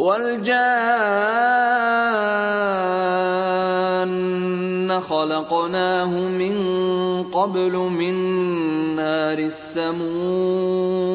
والجان خلقناه من قبل من نار السموم